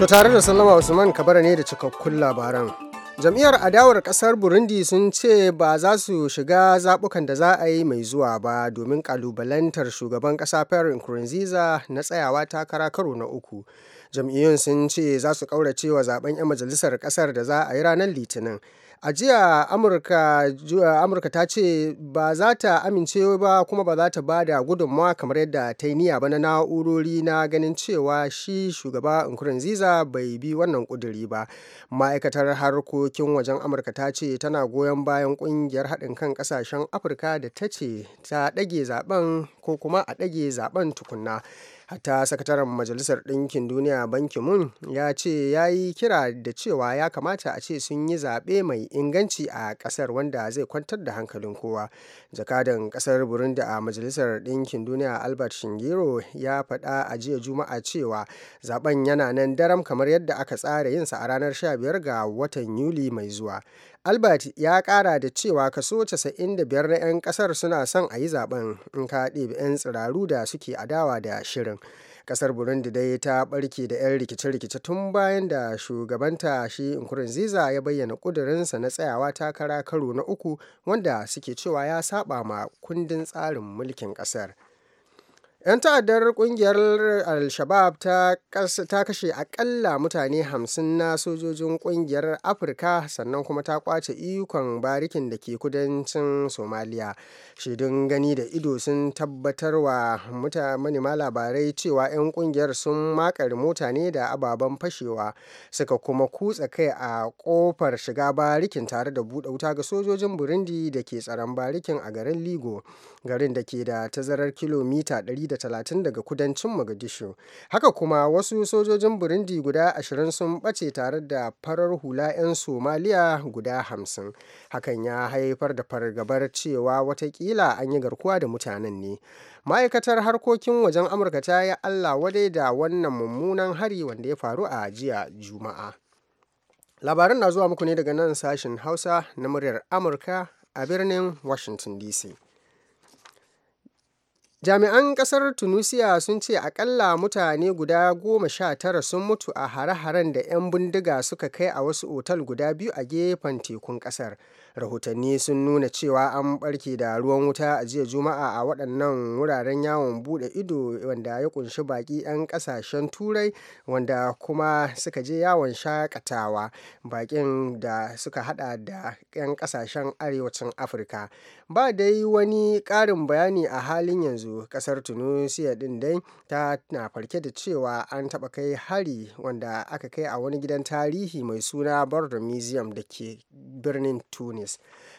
To tare da Sallama Usman kabara ne da cikakkun labaran. Jam'iyyar adawar kasar Burundi sun ce ba za su shiga zaɓukan da za a yi mai zuwa ba domin ƙalubalantar shugaban ƙasa Pierre Nkurunziza na tsayawa takara karo na uku. Jam'iyyun sun ce za su ƙaurace wa zaben 'yan majalisar ƙasar da za a yi ranar Litinin. A jiya Amurka, eh, Amurka ta ce ba za ta amince ba kuma ba za ta ba da gudunmawa kamar yadda ta yi niyya ba na na'urori na ganin cewa shi shugaba Nkurunziza bai bi wannan kuduri ba. Ma'aikatar harkokin wajen Amurka ta ce tana goyon bayan kungiyar haɗin kan kasashen Afirka da ta ce ta ɗage zaben ko kuma a ɗage zaben tukunna. hatta sakataren majalisar ɗinkin duniya banki mun ya ce ya yi kira da cewa ya kamata a ce sun yi zaɓe mai inganci a ƙasar wanda zai kwantar da hankalin kowa jakadan ƙasar burundi a majalisar ɗinkin duniya albert shingiro ya faɗa a jiya juma'a cewa zaɓen yana nan daram kamar yadda aka tsara yinsa a ranar 15 ga watan yuli mai zuwa Albert ya kara da cewa kaso 95 na 'yan kasar suna son a yi zaben in ka ɗebi 'yan tsiraru da suke adawa da shirin. kasar burundi dai ta barke da 'yan rikice-rikice tun bayan da shugabanta shi nkurunziza ya bayyana kudurinsa na tsayawa takara karo na uku wanda suke cewa ya saba ma kundin tsarin mulkin kasar 'Yan ta'addar kungiyar Al-Shabab ta kashe akalla mutane hamsin na sojojin kungiyar Afirka sannan kuma ta kwace ikon barikin da ke kudancin Somaliya. Shaidun gani da ido sun tabbatar wa manema labarai cewa 'yan kungiyar sun makare mutane da ababen fashewa suka kuma kutsa kai a kofar shiga barikin tare da buɗe wuta ga sojojin Burundi da ke tsaron barikin a garin Ligo, garin da ke da tazarar kilomita 100 da talatin daga kudancin Mogadishu. Haka kuma wasu sojojin Burundi guda ashirin sun ɓace tare da farar hula 'yan Somaliya guda hamsin, Hakan ya haifar da fargabar cewa watakila an yi garkuwa da mutanen ne. Ma'aikatar harkokin wajen Amurka ta yi Allah wadai da wannan mummunan hari wanda ya faru a jiya Juma'a. Labarin na zuwa muku ne daga nan sashen Hausa na muryar Amurka a birnin Washington DC. Jami'an kasar tunisia sun ce akalla mutane guda goma sha tara sun mutu a hare-haren da 'yan bindiga suka kai a wasu otal guda biyu a gefen tekun kasar. rahotanni sun nuna cewa an barke da ruwan wuta a jiya juma'a a waɗannan wuraren yawon bude ido wanda ya kunshi baƙi 'yan ƙasashen turai wanda kuma suka je yawon shakatawa baƙin da suka hada da 'yan ƙasashen arewacin afirka ba dai wani ƙarin bayani a halin yanzu ƙasar tunisia ɗin dai ta na farke da cewa an taɓa kai hari wanda aka kai a wani gidan tarihi mai suna border museum da ke birnin tunis alhamis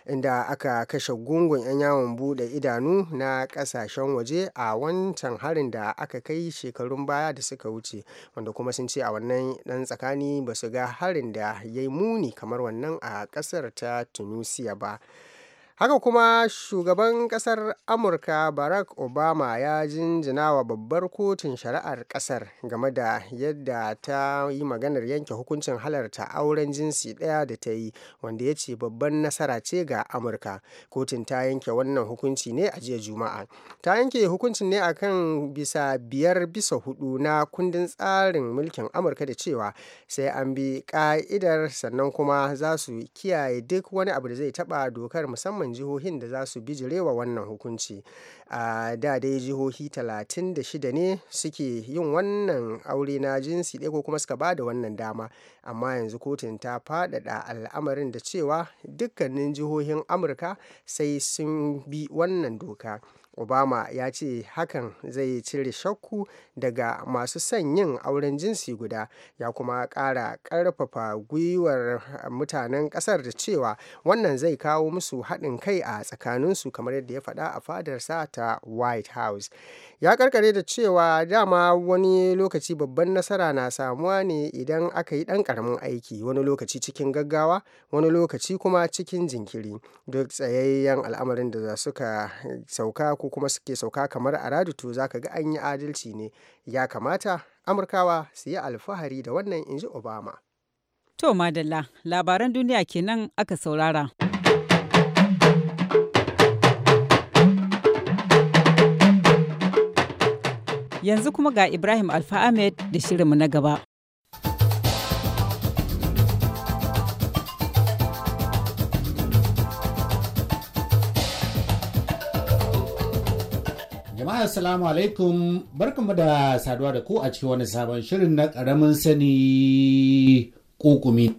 inda aka kashe gungun 'yan yawon bude idanu na kasashen waje a wancan harin da aka kai shekarun baya da suka wuce wanda kuma sun ce a wannan dan tsakani ba su ga harin da ya yi muni kamar wannan a kasar ta tunisia ba Haka kuma, Shugaban ƙasar Amurka Barack Obama ya jinjina wa Babbar Kotun Shari'ar ƙasar game da yadda ta yi maganar yanke hukuncin halarta auren jinsi ɗaya da ta yi, wanda ya ce babban nasara ce ga Amurka. Kotun ta yanke wannan hukunci ne a jiya Juma'a. Ta yanke hukuncin ne akan bisa biyar bisa hudu na kundin tsarin mulkin Amurka da cewa sai an bi ka'idar sannan kuma za su kiyaye duk wani abu da zai taɓa dokar musamman jihohin da za su bijirewa wannan hukunci a da dai jihohi 36 ne suke yin wannan aure na jinsi ɗaya ko kuma suka ba da wannan dama amma yanzu kotun ta faɗaɗa al'amarin da cewa dukkanin jihohin amurka sai sun bi wannan doka obama ya ce hakan zai cire shakku daga masu son yin auren jinsi guda ya kuma ƙara ƙarfafa gwiwar mutanen ƙasar da cewa wannan zai kawo musu haɗin kai a tsakaninsu kamar yadda ya faɗa a fadarsa ta white house ya karkare da cewa dama wani lokaci babban nasara na samuwa ne idan aka yi ɗan ƙaramin aiki wani lokaci cikin gaggawa wani lokaci kuma cikin jinkiri duk tsayayyen al'amarin da za suka sauka ko kuma suke sauka kamar a to za ka ga an yi adalci ne ya kamata amurkawa su yi alfahari da wannan in ji obama to madalla labaran duniya kenan aka saurara. Yanzu kuma ga Ibrahim Alfa Ahmed da shirinmu na gaba. jama'a assalamu alaikum barkanmu da saduwa da ku a cikin wani sabon shirin na ƙaramin sani kokumi.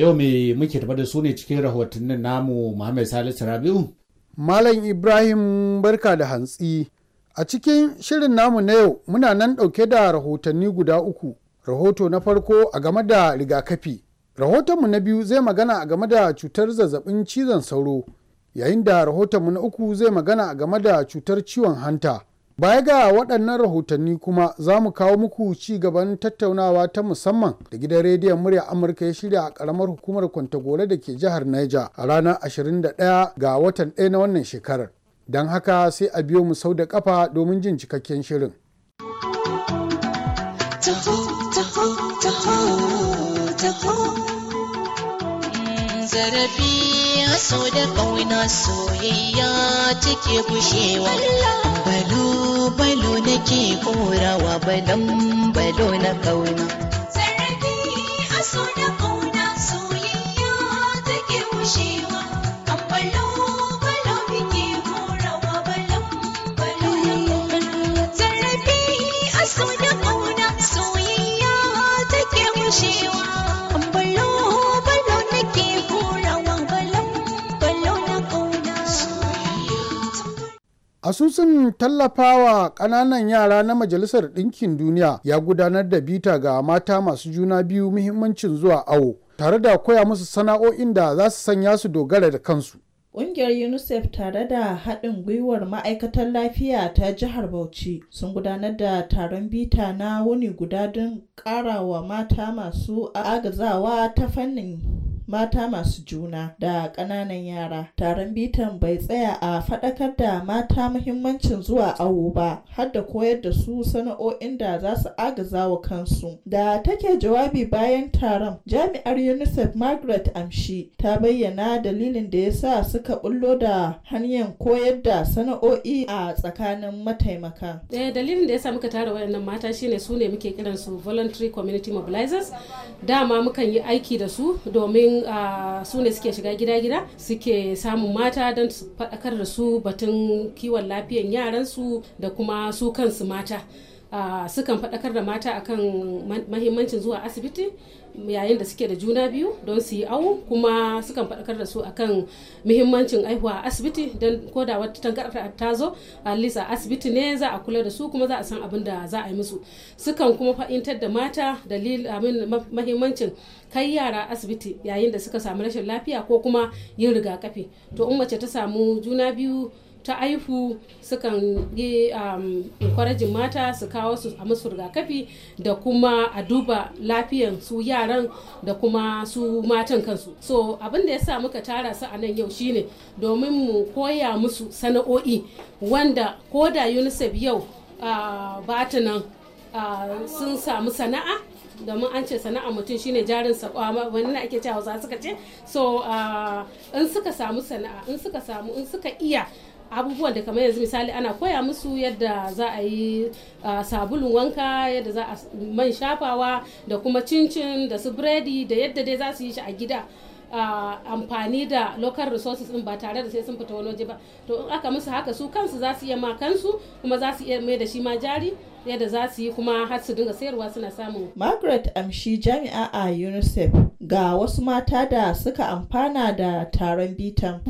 yau me muke tafa da su ne cikin rahotannin namu Muhammad Salisu Rabiu. Malam Ibrahim barka da hantsi. A cikin shirin namu na yau muna nan ɗauke da rahotanni guda uku. Rahoto na farko a game da rigakafi. Rahotonmu na biyu zai magana a game da cutar zazzabin cizon sauro. Yayin da rahotonmu na uku zai magana a game da cutar ciwon hanta. Baya ga waɗannan rahotanni kuma za mu kawo muku ci gaban tattaunawa ta musamman da gidan rediyon murya Amurka ya shirya a ƙaramar hukumar Kwantagore da ke jihar Niger a ranar 21 ga watan ɗaya na wannan shekarar. Don haka sai a biyo mu sau da ƙafa domin jin cikakken shirin. Mm, zarafi so da ƙauna soyayya take gushewa balo balo nake korawa balon balo na ƙauna Asusun tallafawa kananan yara na Majalisar Ɗinkin Duniya ya gudanar da bita ga mata masu juna biyu muhimmancin zuwa awo, tare da koya musu sana'o'in da za su sanya su dogara da kansu. Ƙungiyar UNICEF tare da haɗin gwiwar ma'aikatan lafiya ta jihar Bauchi sun gudanar da taron bita na wuni guda don ƙara wa mata masu agazawa ta fannin mata masu juna da ƙananan yara. Taron bitan bai tsaya a faɗakar da mata muhimmancin zuwa awo ba, har da koyar da su sana'o'in da za su agaza wa kansu. Da take jawabi bayan taron, jami'ar UNICEF Margaret Amshi ta bayyana dalilin da ya sa suka bullo da hanyar koyar da sana'o'i a tsakanin mataimaka. Ɗaya eh, dalilin da ya sa muka tara waɗannan mata shine su ne muke kiransu voluntary community mobilizers. Dama mukan yi aiki da su domin su ne suke shiga gida-gida suke samun mata don su faɗakar da su batun kiwon lafiyan yaransu da kuma su kansu mata sukan faɗakar da mata akan mahimmancin zuwa asibiti yayin da suke da juna biyu don su yi awo kuma sukan faɗakar da su akan mahimmancin aihuwa a asibiti don ko da wata tankarata ta zo a asibiti ne za a kula da su kuma za a san abin da za a yi musu sukan kuma fahimtar da mata amin mahimmancin kai yara asibiti yayin da suka samu rashin lafiya ko kuma yin rigakafi to in mace ta samu juna biyu ta aifu sukan yi kwarajin um, mata su kawo su a musu rigakafi da kuma a duba lafiyan su yaran da kuma su matan kansu so abin da ya sa muka tara su a nan yau shine domin mu koya musu sana'o'i wanda ko da unicef yau ba ta nan sun samu sana'a domin an ce sana'a mutum shine jarin sakwa wani na ake cewa za suka ce so in suka samu sana'a in suka samu in suka iya abubuwan da kamar yanzu misali ana koya musu yadda za a yi sabulun wanka yadda za a man shafawa da kuma cincin da su biredi da yadda dai za su yi shi a gida amfani da local resources din ba tare da sai sun fita wani waje ba to in aka musu haka su kansu za su iya ma kansu kuma za su iya mai da shi ma jari yadda za su yi kuma har su dinga sayarwa suna samun. Margaret Amshi jami'a a UNICEF ga wasu mata da suka amfana da taron bitan.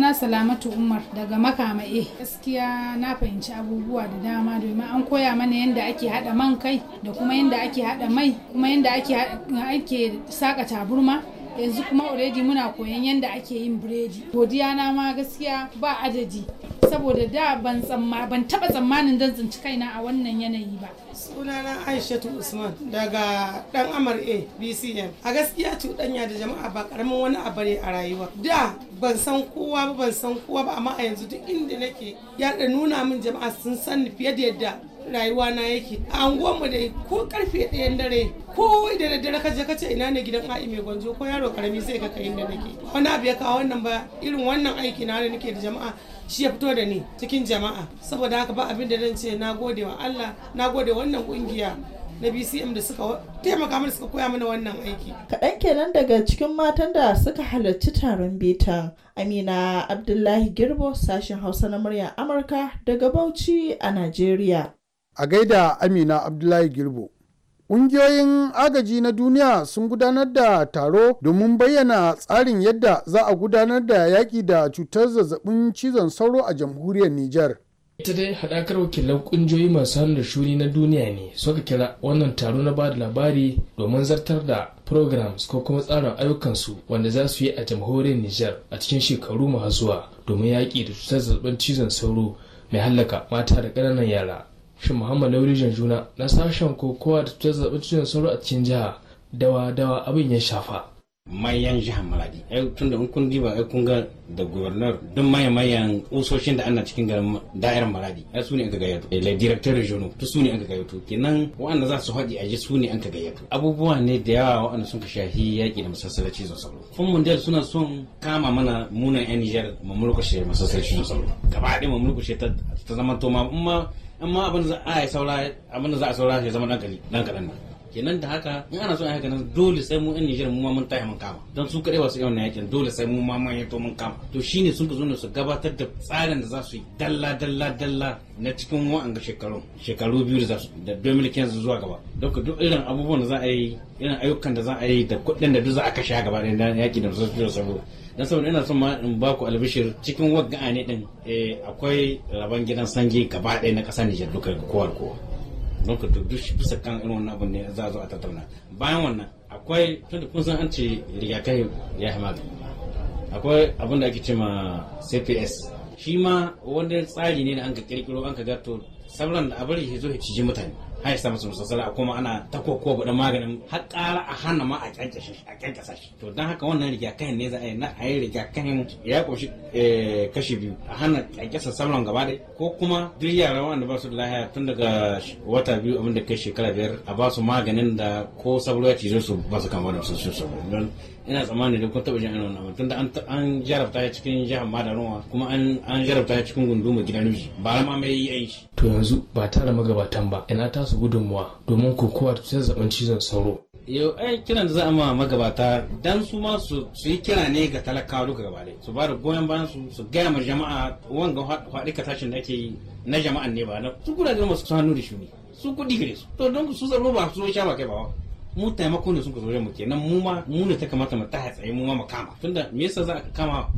na Salamatu Umar daga makama'i. Gaskiya na fahimci abubuwa da dama domin an koya mana yadda ake hada man kai da kuma yadda ake hada mai kuma yadda ake saka taburma yanzu kuma already muna koyan yadda ake yin biredi godiya na ma gaskiya ba adadi saboda da ban ban taba tsammanin dan tsinci kaina a wannan yanayi ba sunana aishatu usman daga dan amar a bcm a gaskiya cuɗanya da jama'a ba karamin wani abu ne a rayuwa da ban san kowa ba ban san kowa ba amma a yanzu duk inda nake ya nuna min jama'a sun san fiye da yadda rayuwa na yake a mu dai ko karfe ɗayan dare ko da daddare ka je ka ce ina ne gidan a'i mai gwanjo ko yaro karami sai ka kai inda nake wani abu ya kawo wannan ba irin wannan aiki na da nake da jama'a shi ya fito da ni cikin jama'a saboda haka ba abin da zan ce na gode wa Allah na gode wannan kungiya na bcm da suka taimaka mana suka koya mana wannan aiki kaɗan kenan daga cikin matan da suka halarci taron bita amina abdullahi girbo sashen hausa na murya amurka daga bauchi a najeriya a gaida amina abdullahi girbo Ƙungiyoyin agaji na duniya sun gudanar da taro domin bayyana tsarin yadda za a gudanar da yaƙi da cutar zazzabin cizon sauro a jamhuriyar Nijar. ita dai haɗakar wakilan ƙungiyoyi masu hannu da shuni na duniya ne suka kira wannan taro na bada labari domin zartar da programs ko kuma tsarin ayyukansu wanda za su yi a jamhuriyar Nijar a cikin shekaru masu zuwa domin yaƙi da cutar zazzabin cizon sauro mai hallaka mata da ƙananan yara. shin muhammad lauri janjuna na sashen kokowa da ta zaɓi cizon sauro a cikin jiha dawa dawa abin ya shafa mayan jihar maladi ai tun da in kun diba ai kun ga da gwamnar duk mayan mayan kusoshin da ana cikin garin da'irar maladi ai su ne an ka gayyato eh, le director regional to su ne an ka gayyato kenan wa'anda za su haɗi aji su ne an ka gayyato abubuwa ne da yawa wa'anda sun ka shahi yaƙi da masassalar cizon sauro kun mundiyar suna son kama mana munan yan nijar mamurkushe masassalar cizon sauro gaba ɗaya mamurkushe ta zama to ma in ma abin za a saura abin da za a saura ya zama dan kaɗan dan kaɗan nan kenan da haka in ana son a haka nan dole sai mu yan Nijar mu ma mun taya mun kama don su kadai ba su na yakin dole sai mu ma mun yato mun kama to shine sun ka zo ne su gabatar da tsarin da za su yi dalla dalla dalla na cikin wa'anga shekaru shekaru biyu da za su da 2015 zuwa gaba don duk irin abubuwan da za a yi irin ayyukan da za a yi da kuɗin da duk za a kashe a gaba ɗaya yaki da su sabo dan saboda ina son ma in ba ku albishir cikin wagga ne din eh, akwai rabon gidan sanji gaba ɗaya na ƙasar Nijar duka kowa kowa lokacin da duk bisa kan irin wannan abin ne za a zo a tattauna bayan wannan akwai tunda kun san an ce rigakafi ya yi magani akwai abin da ake ce ma cps shi ma wanda tsari ne da an ka kirkiro an ka gato sauran da a bari ya zo ya ciji mutane har ya samu sosai kuma ana ta kokowa budan maganin har ƙara a hana ma a kyankyashe a kyankyasa shi to don haka wannan rigakafin ne za a yi na a yi rigakafin ya ƙunshi eh, kashi biyu a hana kyankyasa samun gaba dai ko kuma duk yara wanda ba su da lahiya tun daga wata biyu abin da kai shekara biyar a ba su maganin da ko sabro ya cizo su ba su kama da su su don ina tsammanin dai kun taɓa jin irin wannan tunda an jarabta ya cikin jihar madarunwa kuma an jarabta ya cikin gunduma gidan miji ba ma mai yi aiki. to yanzu ba tara magabatan ba ina ta tasu gudunmuwa domin kokowa da zaɓen cizon sauro yau ai kiran da za a ma magabata dan su ma su yi kira ne ga talakawa duka gaba ɗaya su ba da goyon bayan su su gaya ma jama'a wanga faɗi ka tashin da ake yi na jama'an ne ba na su gura masu hannu da shuni su kuɗi gare su to don su tsaro ba su sha ba kai ba mu taimakon da sun ka zo mu kenan mu ma mu ne ta kamata mu ta hatsaye mu ma mu kama tunda me yasa za ka kama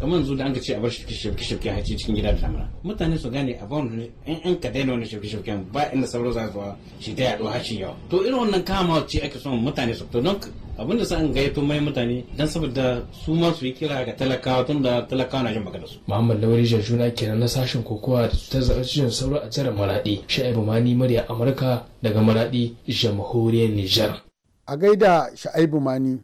kamar yanzu da an ce a bar shirke-shirke a cikin gida da lamura mutane su gane a ba wani in an ka daina wani shirke-shirke ba inda sauro za su shi ta yaɗo hashin yau to irin wannan kama ce ake son mutane su to don abinda sa an gayyato mai mutane don saboda su ma su yi kira ga talakawa tun da talakawa na jin magana su. muhammad lauri jajuna kenan na sashen kokowa da ta cikin sauro a jihar maraɗi sha'ibu mani murya amurka daga maraɗi jamhuriyar nijar. a gaida sha'ibu mani.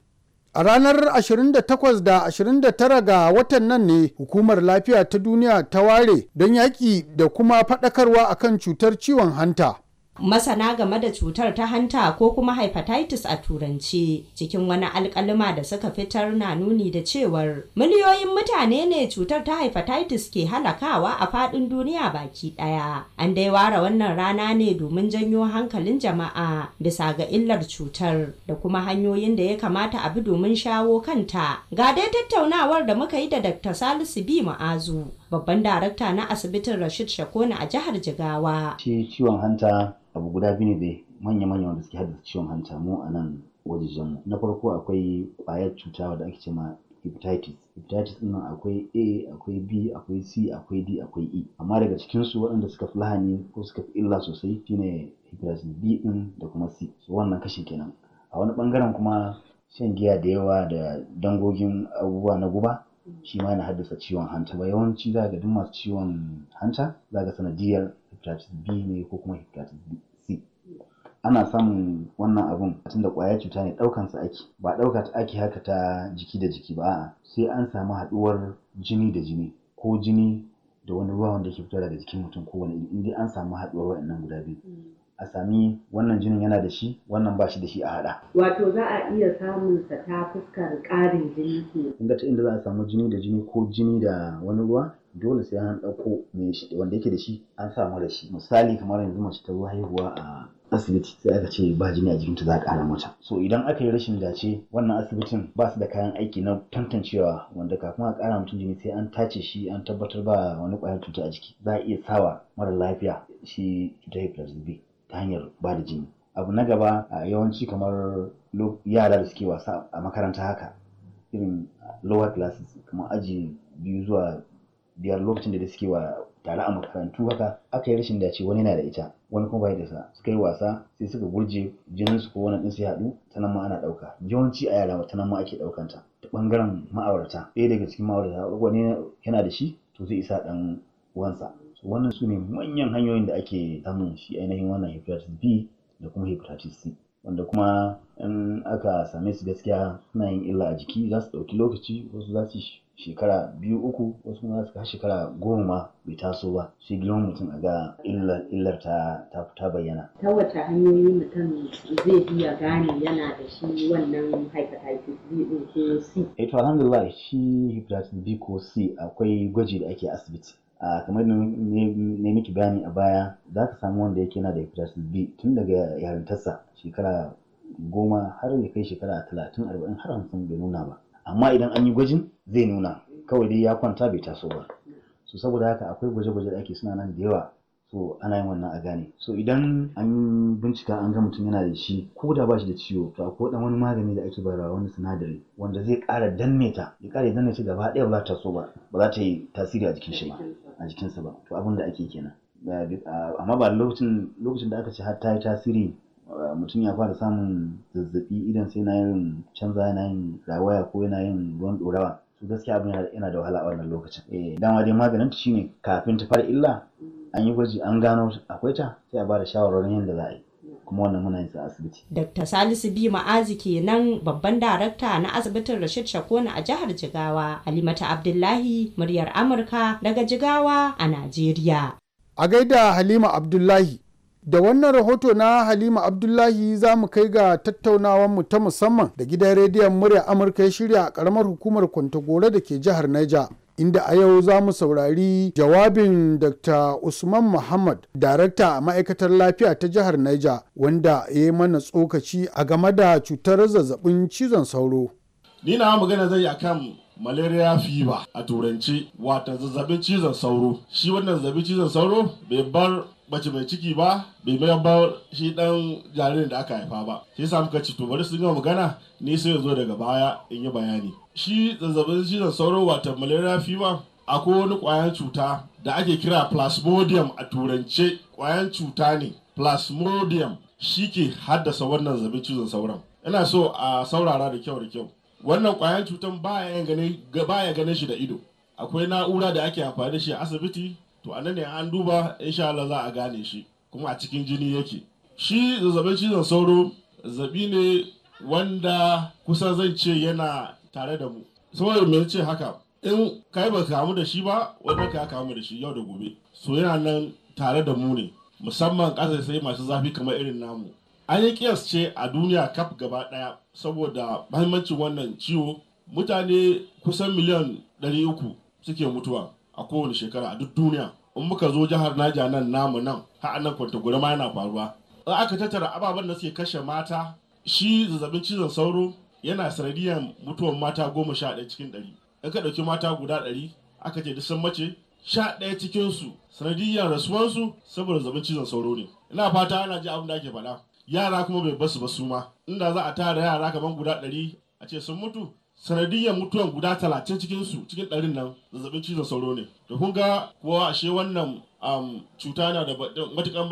A ranar 28 da 29 ga watan nan ne hukumar lafiya ta duniya ta ware don yaƙi da kuma faɗakarwa akan cutar ciwon hanta. masana game da cutar ta hanta ko kuma hepatitis a turanci cikin wani alkalima da suka fitar na nuni da cewar miliyoyin mutane ne cutar ta hepatitis ke halakawa a fadin duniya baki daya an dai ware wannan rana ne domin janyo hankalin jama'a bisa ga illar cutar da kuma hanyoyin da ya kamata a bi domin shawo kanta ga dai tattaunawar da muka yi da dr salisu bi ma'azu babban darakta na asibitin Rashid Shakona a jihar Jigawa. Shi ciwon hanta abu guda biyu ne manya-manya wanda suke haddasa ciwon hanta mu a nan mu Na farko akwai kwayar cuta wadda ake cema hepatitis hepatitis din nan akwai a akwai b akwai c akwai d akwai e amma daga cikin su waɗanda suka fi lahani ko suka fi illa sosai shine hepatitis b din da kuma c so wannan kashi kenan a wani bangaren kuma shan giya da yawa da dangogin abubuwa na guba shi ma yana haddasa ciwon hanta ba yawanci za ga duk masu ciwon hanta za ga sanadiyar hepatitis B ne ko kuma hepatitis C ana samun wannan abun tunda ƙwayar cuta ne ɗaukan sa ake ba ɗauka ta ake haka ta jiki da jiki ba a'a sai an samu haɗuwar jini da jini ko jini da wani ruwa wanda ke fitowa daga jikin mutum ko wani in dai an samu haɗuwar waɗannan guda biyu a sami wannan jinin yana da shi wannan ba shi da shi a haɗa. wato za a iya samun sa ta fuskar ƙarin jini ke kun ta inda za a samu jini da jini ko jini da wani ruwa dole sai an ɗauko mai shi wanda yake da shi an sa da shi misali kamar yanzu mace ta zo haihuwa a asibiti sai aka ce ba jini a jikinta za a ƙara mata so idan aka yi rashin dace wannan asibitin ba su da kayan aiki na tantancewa wanda kafin a ƙara mutum jini sai an tace shi an tabbatar ba wani ƙwayar cuta a jiki za a iya sawa mara lafiya shi cutar hepatitis B ta hanyar ba da jini abu na gaba a yawanci kamar yara da suke wasa a makaranta haka irin lower classes kamar aji biyu zuwa biyar lokacin da suke wa tare a makarantu haka aka yi rashin dace wani na da ita wani kuma bai da sa suka yi wasa sai suka gurje jinin su ko wani din sai haɗu ta nan ma ana ɗauka yawanci a yara ta nan ma ake ɗaukan ta ta ɓangaren ma'aurata ɗaya daga cikin ma'aurata wani yana da shi to zai isa ɗan uwansa wannan su ne manyan hanyoyin da ake samun shi ainihin wannan hepatitis B da kuma hepatitis C wanda kuma in aka same su gaskiya suna yin illa a jiki za su ɗauki lokaci wasu za su shekara biyu uku wasu kuma za su shekara goma ma bai taso ba sai girman mutum a ga illar ta bayyana. Ta wace hanyoyi mutum zai iya gane yana da shi wannan hepatitis B ko C? Eh to alhamdulillah shi hepatitis B ko C akwai gwaji da ake asibiti. kamar da ne miki bayani a baya za ka samu wanda yake yana da hepatitis B tun daga yarintarsa shekara goma har ya kai shekara talatin arba'in har hamsin bai nuna ba amma idan an yi gwajin zai nuna kawai dai ya kwanta bai taso ba so saboda haka akwai gwaje-gwaje da ake suna nan da yawa so ana yin wannan a gane so idan an bincika an ga mutum yana da shi ko da ba shi da ciwo to akwai dan wani magani da ake bayarwa wani sinadari wanda zai ƙara danne ta ya ƙara danne ta gaba ɗaya ba za ta so ba ba za ta yi tasiri a jikin shi ba a jikinsa ba to abin da ake kenan amma ba lokacin lokacin da aka ce har ta yi tasiri mutum ya fara samun zazzabi idan sai na yin canza yana yin rawaya ko yana yin ruwan dorawa to gaskiya abin yana da wahala a wannan lokacin eh dama dai maganin ta shine kafin ta fara illa an yi gwaji an gano akwai ta sai a ba da shawarwarin yadda za a yi kuma wannan muna asibiti. Dr. Salisu B. Ma'azi kenan babban darakta na asibitin Rashid Shakona a jihar Jigawa, Halimata Abdullahi, muryar Amurka daga Jigawa a Najeriya. A gaida Halima Abdullahi, da wannan rahoto na Halima Abdullahi za mu kai ga tattaunawar mu ta musamman da gidan rediyon murya Amurka ya shirya a karamar hukumar Kwantagore da ke jihar Niger. inda a yau za mu saurari jawabin Dr. Usman Muhammad, darakta a ma'aikatar lafiya ta jihar Niger, wanda ya yi mana tsokaci a game da cutar zazzabin cizon sauro. Ni na magana zai akan malaria fever a turanci wata zazzabin cizon sauro. Shi wannan zazzabin cizon sauro bai bar bace mai ciki ba bai mayan ba shi dan jaririn da aka haifa ba sai sa muka ci to bari su gama magana ni sai zo daga baya in yi bayani shi zazzabin cizon sauro wato malaria fever akwai wani kwayan cuta da ake kira plasmodium a turance kwayan cuta ne plasmodium shi ke haddasa wannan zazzabin cizon sauron ina so a saurara da kyau da kyau wannan kwayan cutan baya ganin shi da ido akwai na'ura da ake amfani da shi a asibiti to a nan ne an duba insha Allah za a gane shi kuma a cikin jini yake shi zazzabin cizon sauro zabi ne wanda kusa zan ce yana tare da mu saboda me ce haka in kai ba kamu da shi ba wanda ka kamu da shi yau da gobe so yana nan tare da mu ne musamman kasa sai masu zafi kamar irin namu an yi ce a duniya kaf gaba ɗaya saboda mahimmancin wannan ciwo mutane kusan miliyan 300 suke mutuwa a kowane shekara a duk duniya in muka zo jihar naja nan namu nan har nan kwantagura ma yana faruwa in aka tattara ababen da suke kashe mata shi zazzabin cizon sauro yana sanadiyar mutuwar mata goma sha ɗaya cikin ɗari in ka ɗauki mata guda ɗari aka ce duk sun mace sha ɗaya cikin su sanadiyar rasuwansu saboda zazzabin cizon sauro ne ina fata ana ji abin da ake faɗa yara kuma bai basu ba su ma inda za a tara yara kamar guda ɗari a ce sun mutu sanadiyar mutuwan guda talatin cikin cikin ɗarin nan zazzabin cizon sauro ne da kun ga kuwa ashe wannan cuta na da matuƙar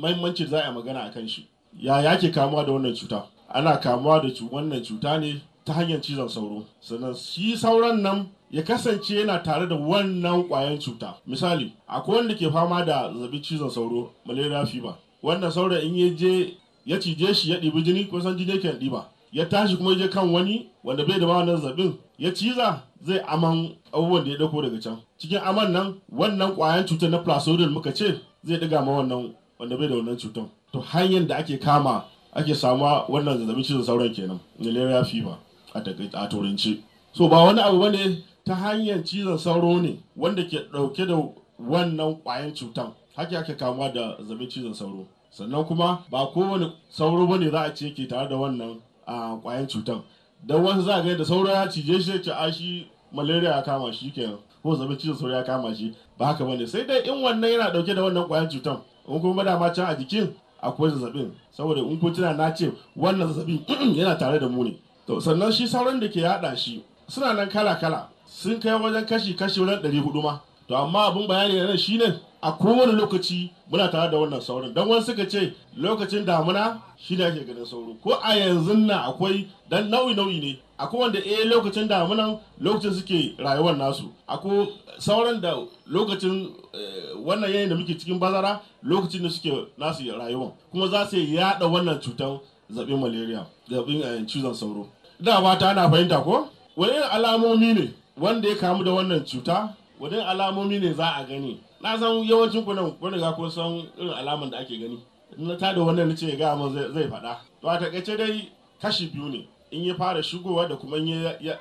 mahimmanci za a magana a kan shi ya yake kamuwa da wannan cuta ana kamuwa da wannan cuta ne ta hanyar cizon sauro sannan shi sauran nan ya kasance yana tare da wannan kwayan cuta misali akwai wanda ke fama da zazzabin cizon sauro malaria fever wannan sauro in ya je ya cije shi ya ɗibi jini ko san jini yake ɗiba ya tashi kuma je kan wani wanda bai da ma wannan zabin ya ciza zai aman abubuwan da ya dauko daga can cikin aman nan wannan kwayan cutar na plasodil muka ce zai diga ma wannan wanda bai da wannan cutar to hanyar da ake kama ake samuwa wannan zazzabin cizon sauran kenan malaria fever a turanci so ba wani abu bane ta hanyar cizon sauro ne wanda ke dauke da wannan kwayan cutan haka ake kamuwa da zazzabin cizon sauro sannan kuma ba kowane sauro bane za a ce ke tare da wannan a kwayan cutan don wasu za ga da sauro ya cije shi ce a shi malaria ya kama shi kenan ko zama cizon sauro ya kama shi ba haka bane sai dai in wannan yana dauke da wannan kwayan cutan in kuma ma can a jikin akwai zazzabin saboda in kun tuna na ce wannan zazzabin yana tare da mu ne to sannan shi sauran da ke yada shi suna nan kala kala sun kai wajen kashi kashi wajen ɗari hudu ma to amma abin bayani na nan ne. a kowane lokaci muna tare da wannan saurin don wani suka ce lokacin damuna shi ne ake ganin sauro ko a yanzu na akwai dan nau'i-nau'i ne akwai wanda eh lokacin damunan lokacin suke rayuwar nasu akwai sauran da lokacin eh, wannan yayin da muke cikin bazara lokacin da suke nasu rayuwar kuma za su yada wannan cutar zaɓin malaria zaɓin eh, cizon sauro da ta ana fahimta ko wani alamomi ne wanda ya kamu da wannan cuta wani alamomi ne za a gani na san yawancin ku nan kun riga kun san irin alaman da ake gani in na tada wannan nace ga mun zai faɗa to a takaice dai kashi biyu ne in ya fara shigowa da kuma ya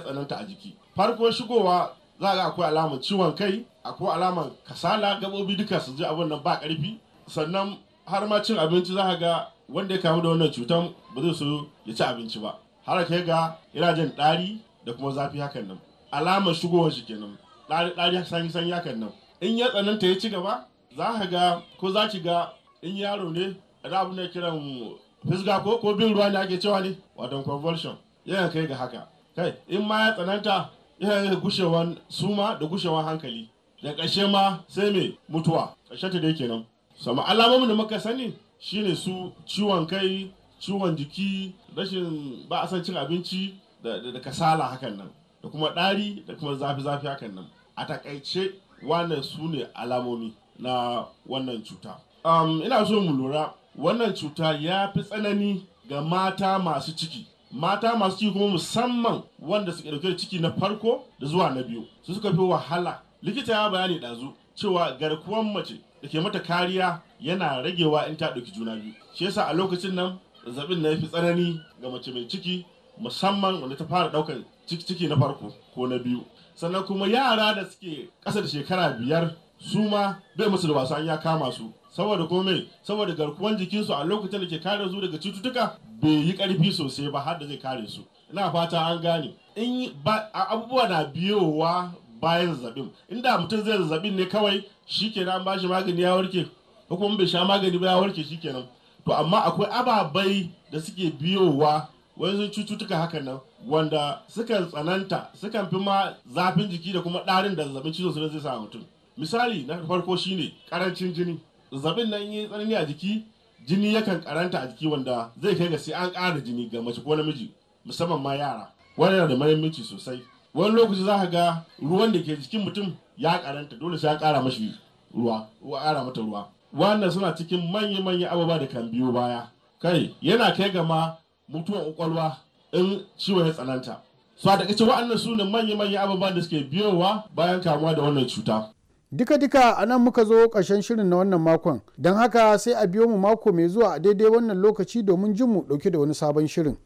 tsananta a jiki farko shigowa za ga akwai alamar ciwon kai akwai alamar kasala gabobi duka su ji abin nan ba karfi sannan har ma cin abinci za ga wanda ya kamu da wannan cutan ba zai so ya ci abinci ba har ka ga yana jin ɗari da kuma zafi hakan nan alamar shigowar shi kenan ɗari sanyi sanyi hakan nan in ya tsananta ya ci gaba za ka ga ko za ki ga in yaro ne da abin da kiran fisga ko ko bin ruwa ne ake cewa ne wato convulsion yana kai ga haka kai in ma ya tsananta yi gushewan suma da gushewan hankali da kashe ma sai mai mutuwa ƙarshe ta dai kenan sama alamomin da muka sani shine su ciwon kai ciwon jiki rashin ba a san cin abinci da kasala hakan nan da kuma ɗari da kuma zafi-zafi hakan nan a takaice wannan su ne alamomi na wannan cuta um, ina so mu lura wannan cuta ya fi tsanani ga mata masu ciki mata masu ciki kuma musamman wanda suke dauke da ciki na farko da zuwa na biyu su suka fi wahala likita ya bayani ɗazu cewa garkuwan mace da ke mata kariya yana ragewa in ta ɗauki juna biyu shi yasa a lokacin nan zazzabin na fi tsanani ga mace mai ciki musamman wanda ta fara ɗaukar ciki na farko ko na biyu sannan kuma yara da suke ƙasa da shekara biyar su ma bai musu da wasan ya kama su saboda komai saboda garkuwan jikinsu a lokacin da ke kare su daga cututtuka bai yi ƙarfi sosai ba har da zai kare su ina fata an gane in abubuwa na biyowa bayan zaɓin inda mutum zai zaɓin ne kawai shikenan an bashi magani ya warke ko bai sha magani ba ya warke shikenan to amma akwai ababai da suke biyowa wasu cututtuka hakan nan wanda sukan tsananta sukan fi ma zafin jiki da kuma ɗarin da zazzabin cizon sauro zai sa mutum misali na farko shine karancin jini zazzabin nan yi tsanani a jiki jini yakan karanta a jiki wanda zai kai ga sai an ƙara jini ga mace ko namiji musamman ma yara wani yana da mahimmanci sosai wani lokaci za ka ga ruwan da ke jikin mutum ya karanta dole sai an ƙara mashi ruwa ƙara mata ruwa wannan suna cikin manya-manyan abubuwa da kan biyo baya kai yana kai gama. mutuwan kwakwalwa in ciwon ya tsananta so a takaice wa'annan su ne manya-manya abubuwan da suke biyowa bayan kamuwa da wannan cuta Duka-duka a nan muka zo ƙarshen shirin na wannan makon, don haka sai a biyo mu mako mai zuwa a daidai wannan lokaci domin jin mu ɗauke da wani sabon shirin.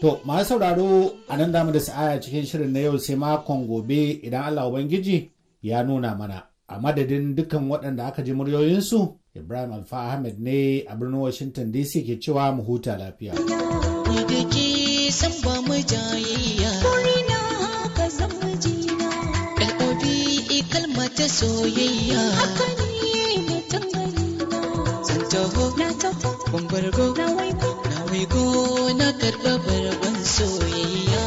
To, masu sauraro a nan damu da sa'aya cikin shirin na yau sai makon gobe idan Allah Ubangiji ya nuna mana a madadin dukkan waɗanda aka ji muryoyinsu ibrahim alfa ahmed ne a birnin washington dc ke cewa mu huta lafiya ta soyayya haka ne mu tambari zan taho na taho ban bargo na waigo na waigo na karɓa bargon soyayya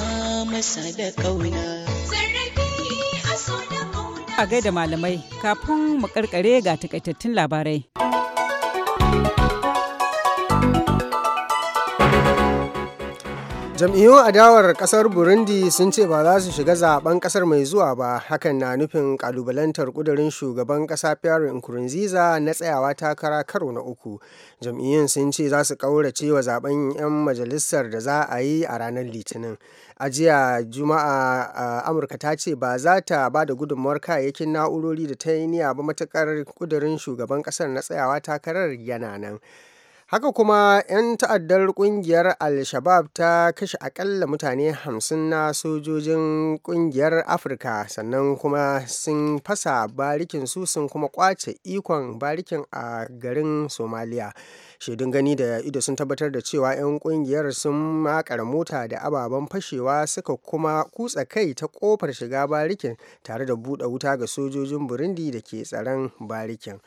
masa da ƙauna zarrafi a so da A gaida malamai kafin mu karkare ga takaitattun labarai. jam'iyyun adawar kasar burundi sun ce ba za su shiga zaben kasar mai zuwa ba hakan na nufin kalubalantar kudurin shugaban kasa pierre nkurunziza na tsayawa takara karo na uku jam'iyyun sun ce za su kaurace wa zaben 'yan majalisar da za a yi a ranar litinin a jiya juma'a amurka ta ce ba za ta ba da gudunmawar kayayyakin na'urori da ta yi niyya ba matukar kudurin shugaban kasar na tsayawa takarar yana nan Haka kuma 'yan ta'addar kungiyar Al-Shabab ta kashe aƙalla mutane 50 na sojojin kungiyar Afirka sannan kuma sun fasa barikin su sun kuma kwace ikon barikin a garin Somaliya. Shaidun gani da ido sun tabbatar da cewa 'yan kungiyar sun makara mota da ababen fashewa suka kuma kutsa kai ta kofar shiga barikin tare da buɗe wuta ga sojojin Burundi da ke tsaron barikin.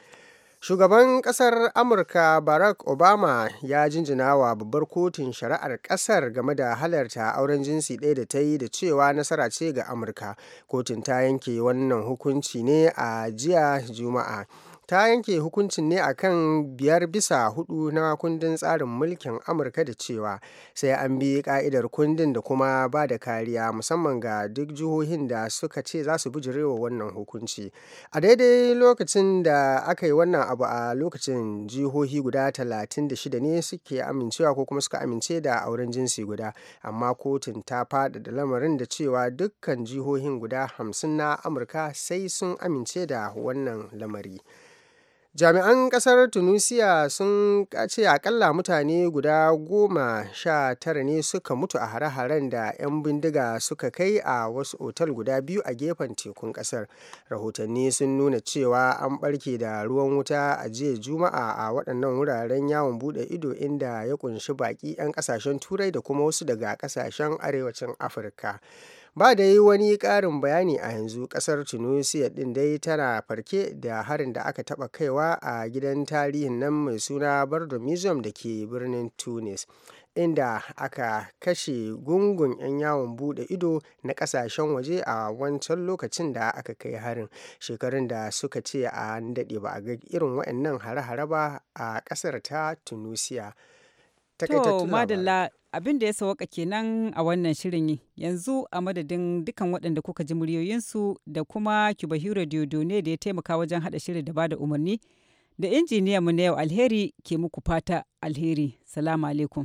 Shugaban ƙasar Amurka Barack Obama ya jinjina wa babbar kotun shari'ar ƙasar game da halarta auren jinsi ɗaya da ta yi da cewa nasara ce ga Amurka. Kotun ta yanke wannan hukunci ne a jiya Juma'a. ta yanke hukuncin ne a kan biyar bisa hudu na kundin tsarin mulkin amurka da cewa sai an bi ka'idar kundin da kuma ba da kariya musamman ga duk jihohin da suka ce za su bijirewa wannan hukunci a daidai lokacin da aka yi wannan abu a lokacin jihohi guda talatin da shida ne suke amincewa ko kuma suka amince da auren jinsi guda amma kotun ta faɗaɗa lamarin da cewa dukkan jihohin guda hamsin na amurka sai sun amince da wannan lamari. jami'an kasar tunisia sun kace akalla mutane guda goma sha tara ne suka mutu a hare-haren da 'yan bindiga suka kai a wasu otal guda biyu a gefen tekun kasar rahotanni sun nuna cewa an barke da ruwan wuta a jiya juma'a a waɗannan wuraren yawon buɗe ido inda ya kunshi baƙi 'yan ƙasashen turai da kuma wasu daga ƙasashen arewacin afirka ba da yi wani ƙarin bayani a yanzu ƙasar tunisia ɗin dai tana farke da harin da aka taɓa kaiwa a gidan tarihin nan mai suna bardo museum da ke birnin tunis inda aka kashe gungun 'yan yawon bude ido na kasashen waje a wancan lokacin da aka kai harin shekarun da suka ce a daɗe ba a ga irin waɗannan hare-hare ba a ƙasar ta tunisia To, madalla abin da ya sauka kenan a wannan shirin yanzu a madadin dukan waɗanda kuka ji muryoyinsu da kuma kibahiro diodone da ya taimaka wajen haɗa shirin da bada umarni da injiniyan mu na yau alheri ke muku fata alheri salamu alaikum